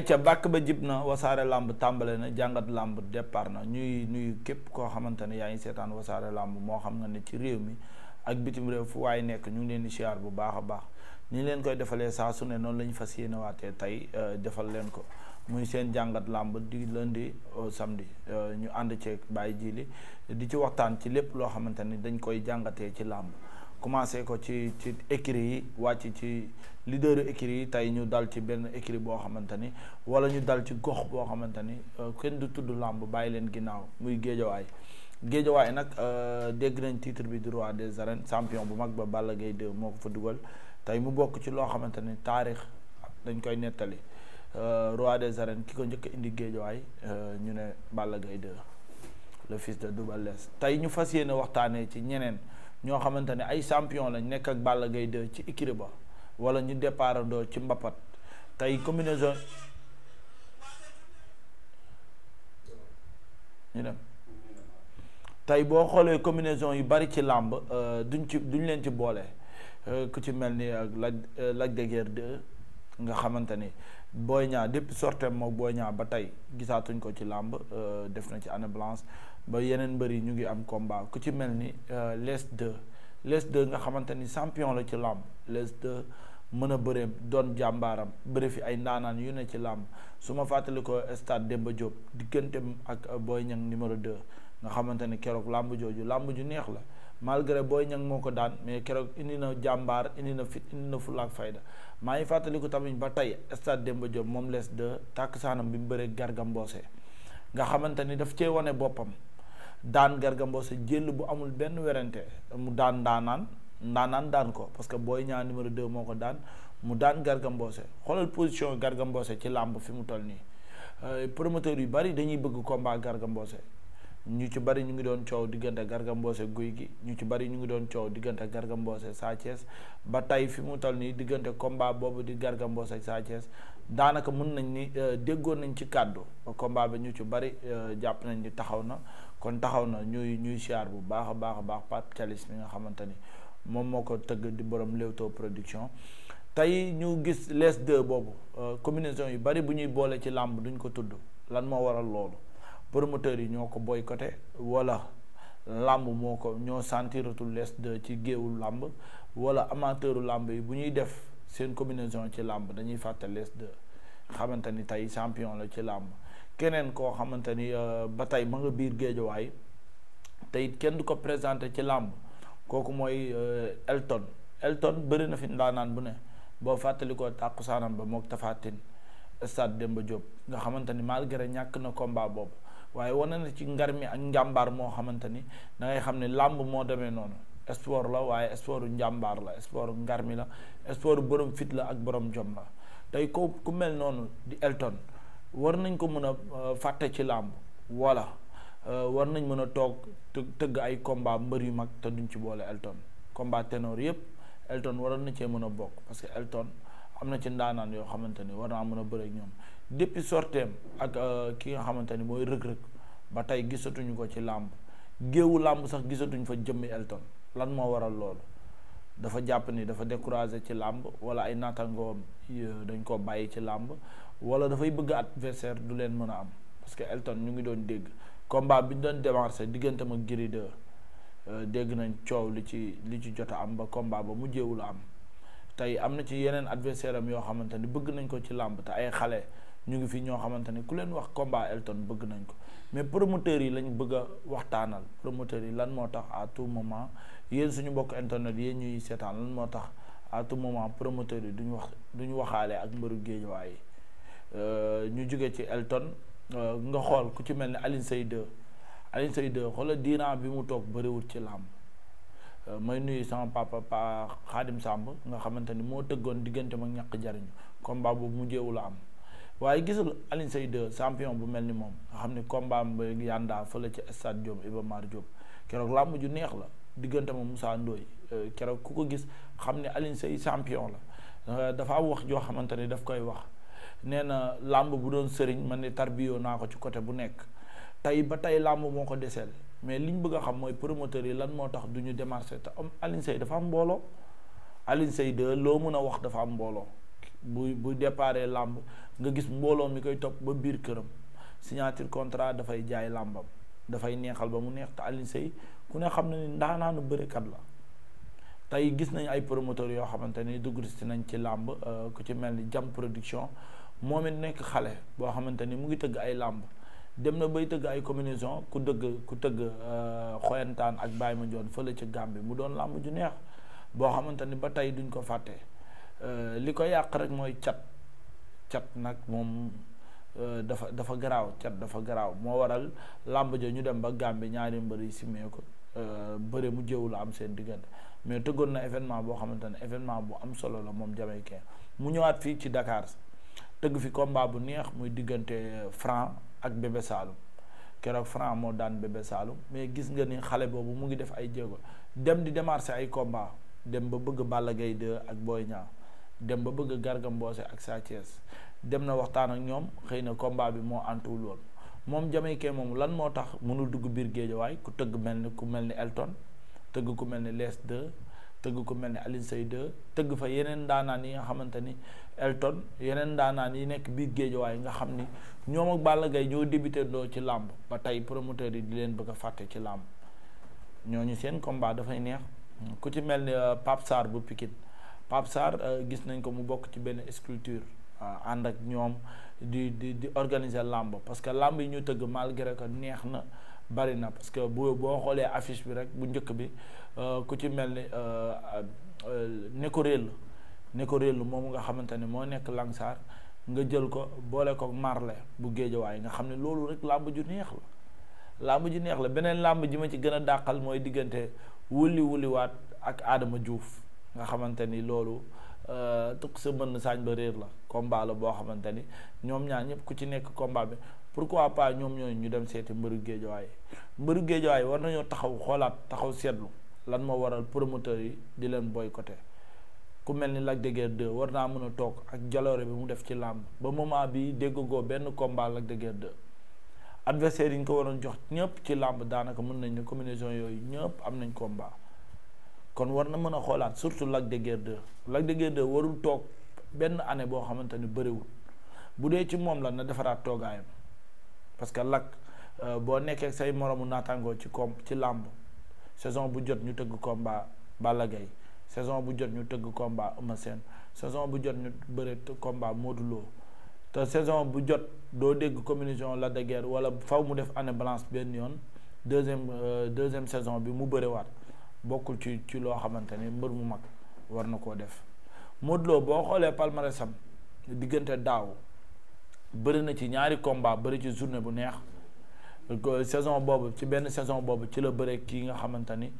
ca bàkk ba jib na wasaare làmb tàmbale na jàngat làmb départ na ñuy nuyu képp koo xamante ne yaa ngi seetaan wasaare làmb moo xam nga ne ci réew mi ak bitim réew fu waaye nekk ñu ngi leen di siyaar bu baax a baax ni leen koy defalee saa su ne noonu la ñu fas yéenewaatee tey euh, defal leen ko muy seen jàngat làmb di lundi au samedi euh, ñu ànd ceeg jii li di ci waxtaan ci lépp loo xamante ni dañ koy jàngatee ci làmb commencé ko ci ci écrit yi wàcc ci leader écrit yi tey ñu dal ci benn écrit boo xamante ni wala ñu dal ci gox boo xamante ni euh, kenn du tudd làmb bàyyi leen ginnaaw muy géejawaay géejawaay nag euh, dégg nañ titre bi du roi des arènes champion bu mag ba Balla Gaye 2 moo ko fa dugal tey mu bokk ci loo xamante ni taarix dañ koy nettali euh, roi des arènes ki ko njëkk a indi géejawaay ñu ne Balla Gaye 2 le fils de Double Less tey ñu fas yéene waxtaanee ci ñeneen ñoo xamante ne ay champion lañ nekk ak Balla Gaye 2 ci écurie ba wala ñu départandoo ci mbapat tey combinaison ñu dem tey boo xoolee combinaison yu bari ci làmb euh, duñ ci duñ leen ci boole euh, ku ci mel ni ak euh, Lac Lac de nga xamante ni Boy Niang depuis sortem moom Boy Niang ba tey gisaatuñ ko ci làmb def na ci année blanche ba yeneen mbër yi ñu ngi am combat ku ci mel ni les de les de nga xamante ni champion la ci làmb les deux mën a bëree doon jàmbaaram bëri fi ay ndaanaan yu ne ci làmb su ma fàttali ko stade Demba Diop digganteem ak euh, Boy Niang numéro 2 nga xamante ni keroog làmb jooju làmb ju neex la malgré booy Niang moo ko daan mais keroog indi na jàmbaar indi na fit indi na fulla ak fayda maa ngi fàttali ko tamit ba tey stade Demba Diop moom les de tàkk saanam bi mu bëree Garga nga xamante ni daf cee wane boppam. daan Garga Mbossé bu amul benn werante mu daan ndaanaan ndaanaan daan ko parce que Boy Niang numéro 2 moo ko daan mu daan Garga xoolal position Garga ci làmb fi mu toll nii euh, promoteur yu bari dañuy bëgg combat Garga Mbossé ñu ci bari ñu ngi doon coow diggante Garga Mbossé guy gi ñu ci bari ñu ngi doon coow diggante Garga Mbossé ba tey fi mu toll nii diggante combat boobu di gargamboose Mbossé daanaka mën nañ ni euh, déggoon nañ ci kàddu combat ñu ci bari euh, jàpp nañ ni taxaw na kon taxaw na ñuy ñuy siyaar bu baax a baax a baax Pape Thialis mi nga xamante ni moom moo ko tëgg di borom Leewtoo production tey ñu gis les deux boobu euh, combinaison yu bari bu ñuy boole ci làmb duñ ko tudd lan moo waral loolu promoteurs yi ñoo ko boycotté wala làmb moo ko ñoo sentiratul les deux ci géewu làmb wala amateuru làmb yi bu ñuy def seen combinaison ci làmb dañuy fàtte les deux xamante ni tey champion la ci làmb keneen koo xamante ni euh, ba tey ma nga biir géejawaay te it kenn du ko présenté ci làmb kooku mooy euh, Elton Elton bëri na fi ndaanaan bu ne boo fàttali ko tàkkusaanam ba mook tafaatin stade Demba Diop nga xamante ni malgré ñàkk na combat boobu waaye wane na ci ngar mi ak njàmbaar moo xamante ni da xam ne làmb moo demee noonu sport la waaye sportu njàmbaar la sportu ngar mi la sportu borom fit la ak boroom jom la tey ko ku mel noonu di Elton war nañ ko mën a euh, fàtte ci làmb wala euh, war nañ mën a toog tëgg ay combat mbër yu mag te duñ ci boole Elton combat ténor yépp Elton waroon na cee mën a bokk parce que Elton am na ci ndaanaan yoo xamante ni war naa mën a bëre ak ñoom depuis sorteem ak euh, ki nga xamante ni mooy rëg-rëg ba tey gisatuñu ko ci làmb géewu làmb sax gisatuñ fa jëmmi Elton lan moo waral loolu dafa jàpp ni dafa découragé ci làmb wala ay naataangoom dañ koo bàyyi ci làmb wala dafay bëgg adversaire du leen mën a am parce que Elton ñu ngi doon dégg combat bi ñu doon démarré diggante ma Gris 2 euh, dégg nañ coow li ci li ci jot am ba combat ba mujjeewul a am tey am na ci yeneen adversaire am yoo xamante ni bëgg nañ ko ci làmb te ay xale ñu ngi fii ñoo xamante ni ku leen wax combat Elton bëgg nañ ko mais promoteurs yi lañ bëgg a waxtaanal promoteurs yi lan moo tax à tout moment yéen suñu mbokk internet yéen ñuy seetaan lan moo tax à tout moment promoteurs yi duñu wax duñu waxaale ak mbëru géejawaay yi Euh, ñu jóge ci Elton euh, nga xool ku ci mel ni Alioune Seye 2 Alioune Seye 2 xoola diiran bi mu toog bëriwul ci làmb euh, may nuyu sama papa pa Xaadim sàmb nga xamante ni moo tëggoon diggante mag ñàkk jariñu combat bu mu jéewu la am waaye gisul Alioune Seye 2 champion bu mel ni moom nga xam ni combat ba yandaa fële ci stade Diop Iba Mar keroog làmb ju neex la diggante ma musaa Ndoye keroog ku ko gis xam ne Alioune Seye champion la dafa am wax joo xamante ni daf koy wax nee na làmb bu doon sëriñ man ne tarbiyoo naa ko ci côté bu nekk tey ba tey làmb moo ko deseel mais li ñu bëgg a xam mooy promoteur yi lan moo tax duñu ñu démarché te am Alioune dafa am mbooloo Alioune Seye loo mën a wax dafa am mbooloo bu bu déparé làmb nga gis mbooloo mi koy topp ba biir këram signature contrat dafay jaay làmbam dafay neexal ba mu neex te Alioune Seye ku ne xam ne ni ndaanaanu bërekat la tey gis nañ ay promoteurs yoo xamante ni dugg si nañ ci làmb euh, ku ci mel ni jam production moom it nekk xale boo xamante ni mu ngi tëgg ay làmb dem na bay tëgg ay combinaison ku dëgg ku tëgg euh, xoyantaan ak ma Mandione fële ca Gambie mu doon làmb ju neex boo xamante ni ba tey duñ ko fàtte euh, li ko yàq rek mooy cat cat nag moom euh, dafa dafa garaaw cat dafa garaaw moo waral làmb ja ñu dem ba Gambie ñaari mbër yi simeeku ko bëre mu la am seen diggante mais tëggoon na événement boo xamante ne événement bu am solo la moom jamaïcain mu ñëwaat fii ci Dakar tëgg fi komba bu neex muy diggante euh, Franc ak Bébé keroog Franc moo daan Bébé Saloum mais gis nga ni xale boobu mu ngi def ay jéego dem di demarché ay combat dem ba bëgg Balla Gaye 2 ak Boy Niang dem ba bëgg Garga Mbossé ak Sa Thiès dem na waxtaan ak ñoom xëy na combat bi moo antuwul woon moom jamaykee moom lan moo tax mënul dugg biir géejawaay ku tëgg mel ni ku mel ni Elton tëgg ku mel ni Les 2 tëgg ko mel ni Alioune Seye 2 tëgg fa yeneen daanaan yi nga xamante ni Elton yeneen daanaan yi nekk biir géejawaay nga xam ni ñoom ak Balla Gaye ñoo débuté doo ci làmb ba tey promoteur yi di leen bëgg a fàtte ci làmb ñooñu seen combat dafay neex ku ci mel ni euh, Pape Sarr bu Pikine Pape euh, gis nañ ko mu bokk ci benn sculpture euh, ànd ak ñoom di di di organiser làmb parce que làmb yi ñu tëgg malgré que neex na bari na parce que bu boo xoolee affiche bi rek bu njëkk bi euh, ku ci mel ni euh, euh, ne ko réel ne ko réel moom nga xamante ne moo nekk Langsar nga jël ko boole ko marle bu géejawaay nga xam ne loolu rek làmb ju neex la làmb ju neex la beneen làmb ji ma ci gën a dàqal mooy diggante wuli wuliwaat ak aadama juuf nga xamante ni loolu tukk sa mën saañ ba réer la combat boo xamante ni ñoom ñaan ñëpp ku ci nekk combat bi pourquoi pas ñoom ñooñu ñu dem seeti mbëru géejawaay mbëru géejawaay war nañoo taxaw xoolaat taxaw seetlu lan moo waral promoteur yi di leen boycotté ku mel ni Lac de war naa mën a toog ak jaloore bi mu def ci làmb ba moment bi déggagoo benn combat Lac de Guiers adversaire yi nga ko waroon jox ñëpp ci làmb daanaka mën nañu ne combinaison yooyu ñëpp am nañ combat kon war na mën a xoolaat surtout Lac de Guiers 2 warul toog benn année boo xamante ni bëriwul bu dee ci moom la na defaraat toogaayam parce que lak euh, boo nekkee say moromu naataangoo ci kom ci làmb saison bu jot ñu tëgg combat Balla Gaye saison bu jot ñu tëgg combat Eumeu Sène saison bu jot ñu bëre combat Modou Lo te saison bu jot doo dégg communication la de guerre wala faw mu def année balance benn yoon deuxième euh, deuxième saison bi mu bëriwaat bokkul ci ci loo xamante ni mbër mu mag war na koo def Modou boo xoolee palmarèsam diggante daaw bëri na ci ñaari combat bëri ci journée bu neex saison boobu ci benn saison boobu ci la bëre kii nga xamante ni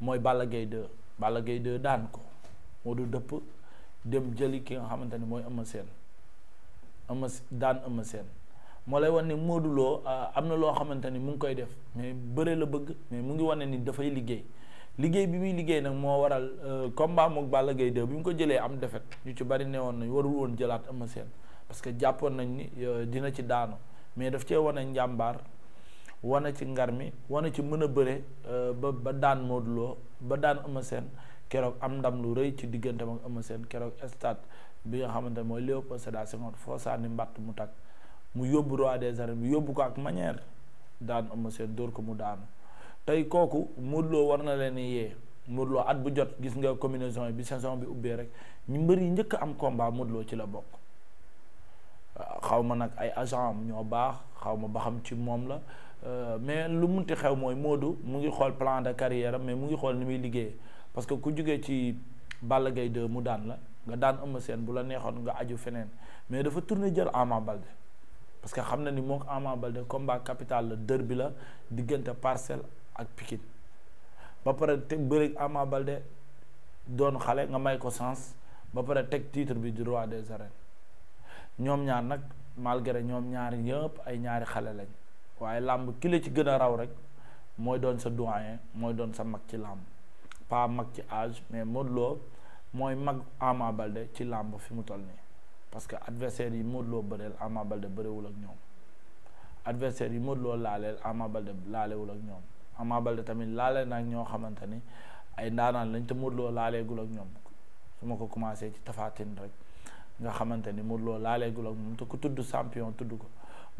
mooy Balla Gaye 2 Balla Gaye 2 daan ko moo du dëpp dem jëli ki nga xamante ni mooy Eumeu Sène Eumeu daan Eumeu Sène moo lay wan ni Modou Lo ah, am na loo xamante ni mu ngi koy def mais bëri la bëgg mais mu ngi wane ni dafay liggéey liggéey bi muy liggéey nag moo waral euh, combat mook Balla Gaye 2 bi mu ko jëlee am defet ñu ci bari ne woon nañ warul woon jëlaat Eumeu Sène parce que jàppoon nañ ni euh, dina ci daanu mais daf cee wane njàmbaar wane ci ngar mi wane ci mën a bëre euh, ba ba daan Modou ba daan Eumeu seen keroog am ndam lu rëy ci digganteem ak Eumeu seen keroog stade bi nga xamante ne mooy Léopold Sédar Senghor foo sànni mbatt mu takk mu yóbbu roi des arènes bi yóbbu ko ak manière daan Eumeu Sène dóor ko mu daanu tey kooku Modou war na leen yee Modou at bu jot gis nga combinaison bi saison bi ubbee rek ñu mbër yi njëkk am combat Modou ci la bokk. xaw ma nag ay agent ñoo baax xaw ma ba xam ci moom la euh, mais lu mun ti xew mooy Modou mu ngi xool plan de carrière mais mu ngi xool ni muy liggéey parce que ku jugee ci Balla Gaye 2 mu daan la nga daan Eumeu seen bu la neexoon nga aju feneen mais dafa tourné jël Ama Baldé parce que xam na ni moom Ama Baldé combat capital la derby la diggante Parcelles ak Pikine ba pare teg bëri Ama Baldé doon xale nga may ko sens ba pare teg titre bi du roi des arènes ñoom ñaar nag malgre ñoom ñaar yëpp ay ñaari xale lañ waaye làmb ki la ci gën a raw rek mooy doon sa doyen mooy doon sa mag ci làmb pas mag ci âge mais Modou mooy mag Ama Baldé ci làmb fi mu toll nii parce que adversaire yi Modou Lo bëreel Ama Baldé ak ñoom adversaire yi Modou Lo laaleel Ama laalewul ak ñoom Ama tamit laale nag ñoo xamante ni ay ndaanaan lañ te Modou laaleegul ak ñoom su ma ko commencé ci Tapha rek nga xamante ni Modou Lo laaleegul ak moom te ku tudd champion tudd ko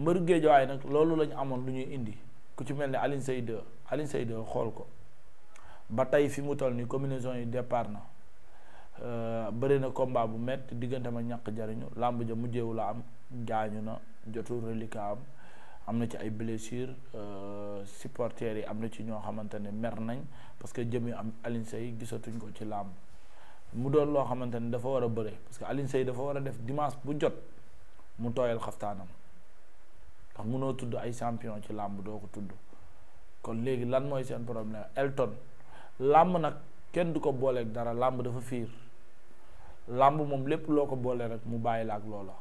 mbër waaye nag loolu lañu amoon lu ñuy indi ku ci mel ni Alioune Seye 2 Alioune xool ko ba tey fi mu toll ni combinaison yi départ na euh, bëri na combat bu métti diggante ma ñàkk jariñu làmb ja mujjeewu la am jaañu na jotul reliquat am am na ci ay blessure euh, supporters yi am na ci ñoo xamante ne mer nañ parce que jëmi am Alioune Seye gisatuñ ko ci làmb mu doon loo xamante ni dafa war a bëre parce que Alioune dafa war a def dimanche bu jot mu tooyal xaftaanam ndax munoo tudd ay champion ci làmb doo ko tudd kon léegi lan mooy seen problème Elton làmb nag kenn du ko booleeg dara làmb dafa fiir làmb moom lépp loo ko boole rek mu bàyyi la ak loola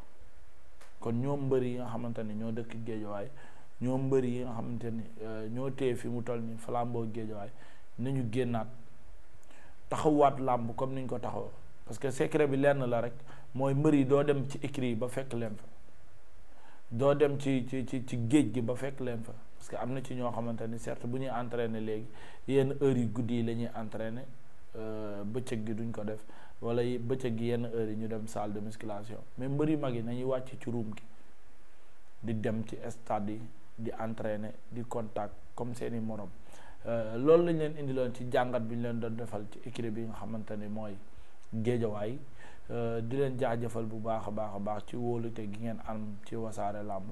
kon ñoo mbër yi nga xamante ni ñoo dëkk géejawaay ñoo mbër yi nga xamante ni euh, ñoo téye fi mu toll ni flambeau géejawaay nañu génnaat taxawaat làmb comme niñ ko taxaw parce que secret bi lenn la rek mooy mbër yi doo dem ci écrit yi ba fekk leen fa doo dem ci ci ci ci géej gi ba fekk leen fa parce que am na ci ñoo xamante ni certes bu ñuy entraîner léegi yenn heure yu guddi yi la ñuy entraîner euh, bëccëg gi duñ ko def wala bëccëg gi yenn heures yi ñu dem salle de musculation mais mbër yu mag yi nañuy wàcc ci ruum gi di dem ci stade yi di entraîner di contact comme seeni morom. Euh, loolu lañ leen indiloon ci jàngat bi ñu leen doon defal ci écurie bi nga xamante ni mooy géejawaay euh, di leen jaajëfal bu baax a baax a baax ci wóolute gi ngeen am ci wasaare làmb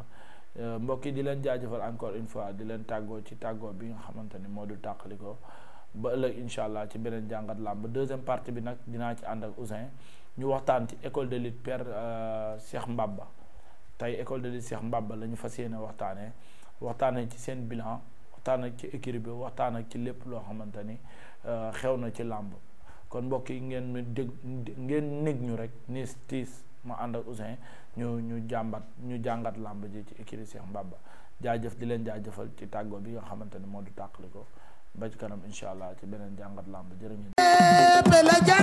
euh, mbokk yi di leen jaajëfal encore une fois di leen tàggoo ci tàggoo bi nga xamante ni moo du tàqaliko ba ëllëg incha allah ci beneen jàngat làmb deuxième partie bi nag dinaa ci ànd ak Ousin ñu waxtaan ci école de lutte père Cheikh ba tey école de lutte Cheikh Mbaba la ñu fas yéene waxtaanee waxtaanee ci seen bilan. waxtaan ak ci écurie bi waxtaan ak ci lépp loo xamante ni euh, xew na ci làmb kon mbokk yi ngeen ñu dég ñu rek niis tiis ma ànd ak Ouzin ñu ñu jàmbat ñu jàngat làmb ji ci écurie Cheikh Mbaba jaajëf di leen jaajëfal ci tàggoo bi nga xamante ni moo du tàqali ko ba kanam incha allah ci beneen jàngat làmb jërë ngeen